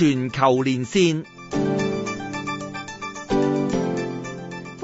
全球連線。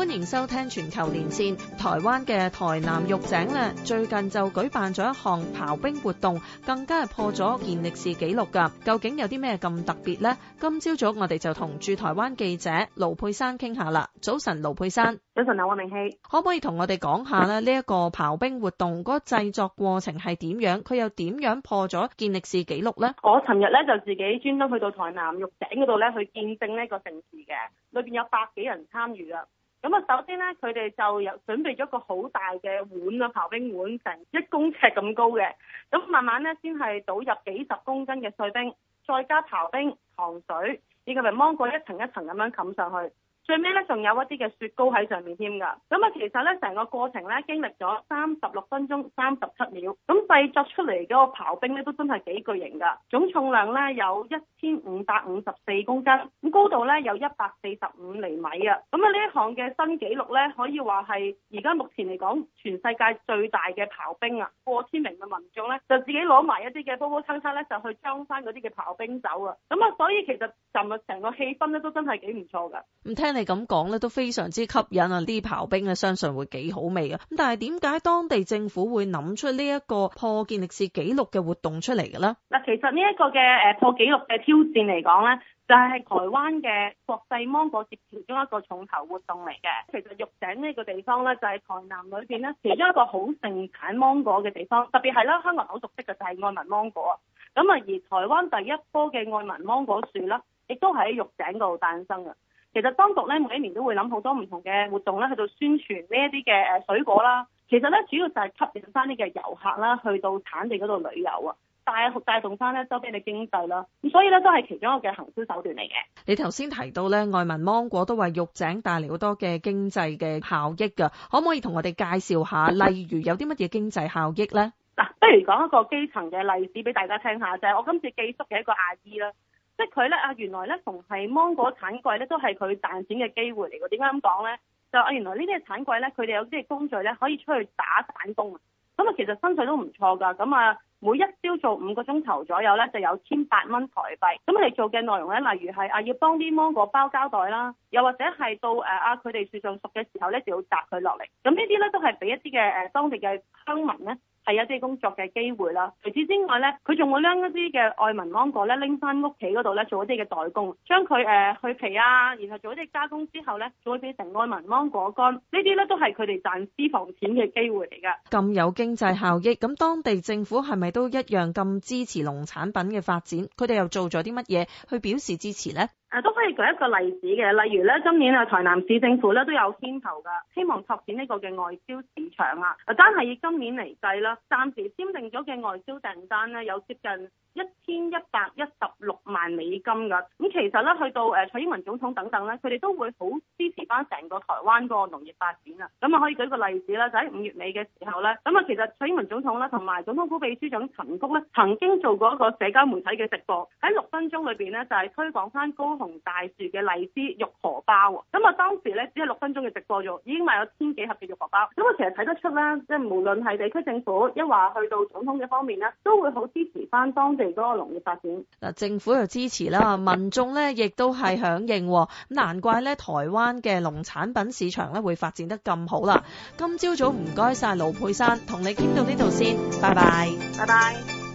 歡迎收聽全球連線，台灣嘅台南玉井咧，最近就舉辦咗一項刨冰活動，更加係破咗健力士紀錄噶。究竟有啲咩咁特別呢？今朝早我哋就同駐台灣記者盧佩珊傾下啦。早晨，盧佩珊。早晨，汪溟曦。可唔可以同我哋講下呢？呢一個刨冰活動個製作過程係點樣？佢又點樣破咗健力士紀錄呢？我尋日咧就自己專登去到台南玉井嗰度咧，去見證呢個盛事嘅，裏邊有百幾人參與啦。咁啊，首先咧，佢哋就有準備咗個好大嘅碗啊，刨冰碗，成一公尺咁高嘅。咁慢慢咧，先係倒入幾十公斤嘅碎冰，再加刨冰、糖水，以及埋芒果，一層一層咁樣冚上去。最尾咧，仲有一啲嘅雪糕喺上面添噶。咁啊，其實咧，成個過程咧，經歷咗三十六分鐘三十七秒。咁製作出嚟嗰個刨冰咧，都真係幾巨型噶。總重量咧有一千五百五十四公斤，咁高度咧有一百四十五厘米啊。咁啊，呢一行嘅新紀錄咧，可以話係而家目前嚟講，全世界最大嘅刨冰啊。過千名嘅民眾咧，就自己攞埋一啲嘅煲煲罉罉咧，就去裝翻嗰啲嘅刨冰走啊。咁啊，所以其實尋日成個氣氛咧，都真係幾唔錯噶。唔聽。你咁講咧都非常之吸引啊！啲刨冰咧，相信會幾好味嘅。咁但係點解當地政府會諗出呢一個破健力士紀錄嘅活動出嚟嘅咧？嗱，其實呢一個嘅誒破紀錄嘅挑戰嚟講咧，就係、是、台灣嘅國際芒果節其中一個重頭活動嚟嘅。其實玉井呢個地方咧，就係台南裏邊咧其中一個好盛產芒果嘅地方，特別係啦，香港人好熟悉嘅就係愛文芒果。啊。咁啊，而台灣第一棵嘅愛文芒果樹啦，亦都喺玉井度誕生嘅。其實當局咧每一年都會諗好多唔同嘅活動咧，喺度宣傳呢一啲嘅誒水果啦。其實咧主要就係吸引翻啲嘅遊客啦，去到產地嗰度旅遊啊，帶帶動翻咧周邊嘅經濟啦。咁所以咧都係其中一個嘅行銷手段嚟嘅。你頭先提到咧愛文芒果都為玉井帶嚟好多嘅經濟嘅效益噶，可唔可以同我哋介紹下，例如有啲乜嘢經濟效益咧？嗱、啊，不如講一個基層嘅例子俾大家聽下，就係、是、我今次寄宿嘅一個阿姨啦。即係佢咧，啊原來咧，逢係芒果產季咧，都係佢賺錢嘅機會嚟㗎。點解咁講咧？就啊，原來呢啲產季咧，佢哋有啲工序咧，可以出去打散工，咁啊，其實薪水都唔錯㗎。咁啊，每一朝做五個鐘頭左右咧，就有千八蚊台幣。咁佢哋做嘅內容咧，例如係啊，要幫啲芒果包膠袋啦，又或者係到誒啊，佢哋樹上熟嘅時候咧，就要摘佢落嚟。咁呢啲咧，都係俾一啲嘅誒當地嘅鄉民咧。係一啲工作嘅機會啦。除此之外咧，佢仲會拎一啲嘅愛文芒果咧，拎翻屋企嗰度咧，做一啲嘅代工，將佢誒去皮啊，然後做一啲加工之後咧，就會變成愛文芒果乾。呢啲咧都係佢哋賺私房錢嘅機會嚟嘅。咁有經濟效益，咁當地政府係咪都一樣咁支持農產品嘅發展？佢哋又做咗啲乜嘢去表示支持咧？都可以舉一個例子嘅，例如咧，今年啊，台南市政府咧都有牽頭噶，希望拓展呢個嘅外銷市場啊。啊，單係以今年嚟計啦，暫時簽訂咗嘅外銷訂單咧，有接近一千一百一十六萬美金㗎，咁其實咧去到誒蔡英文總統等等咧，佢哋都會好支持翻成個台灣個農業發展啊！咁啊，可以舉個例子啦，就喺、是、五月尾嘅時候咧，咁啊，其實蔡英文總統啦，同埋總統府秘書長陳菊咧，曾經做過一個社交媒體嘅直播，喺六分鐘裏邊咧，就係推廣翻高雄大樹嘅荔枝玉荷包喎。咁啊，當時咧，只係六分鐘嘅直播就已經賣咗千幾盒嘅玉荷包。咁啊，其實睇得出咧，即係無論係地區政府一話去到總統嘅方面咧，都會好支持翻當地。多農業發展嗱，政府又支持啦，民眾咧亦都係響應，咁難怪咧台灣嘅農產品市場咧會發展得咁好啦。今朝早唔該晒，盧珮珊同你傾到呢度先，拜拜，拜拜。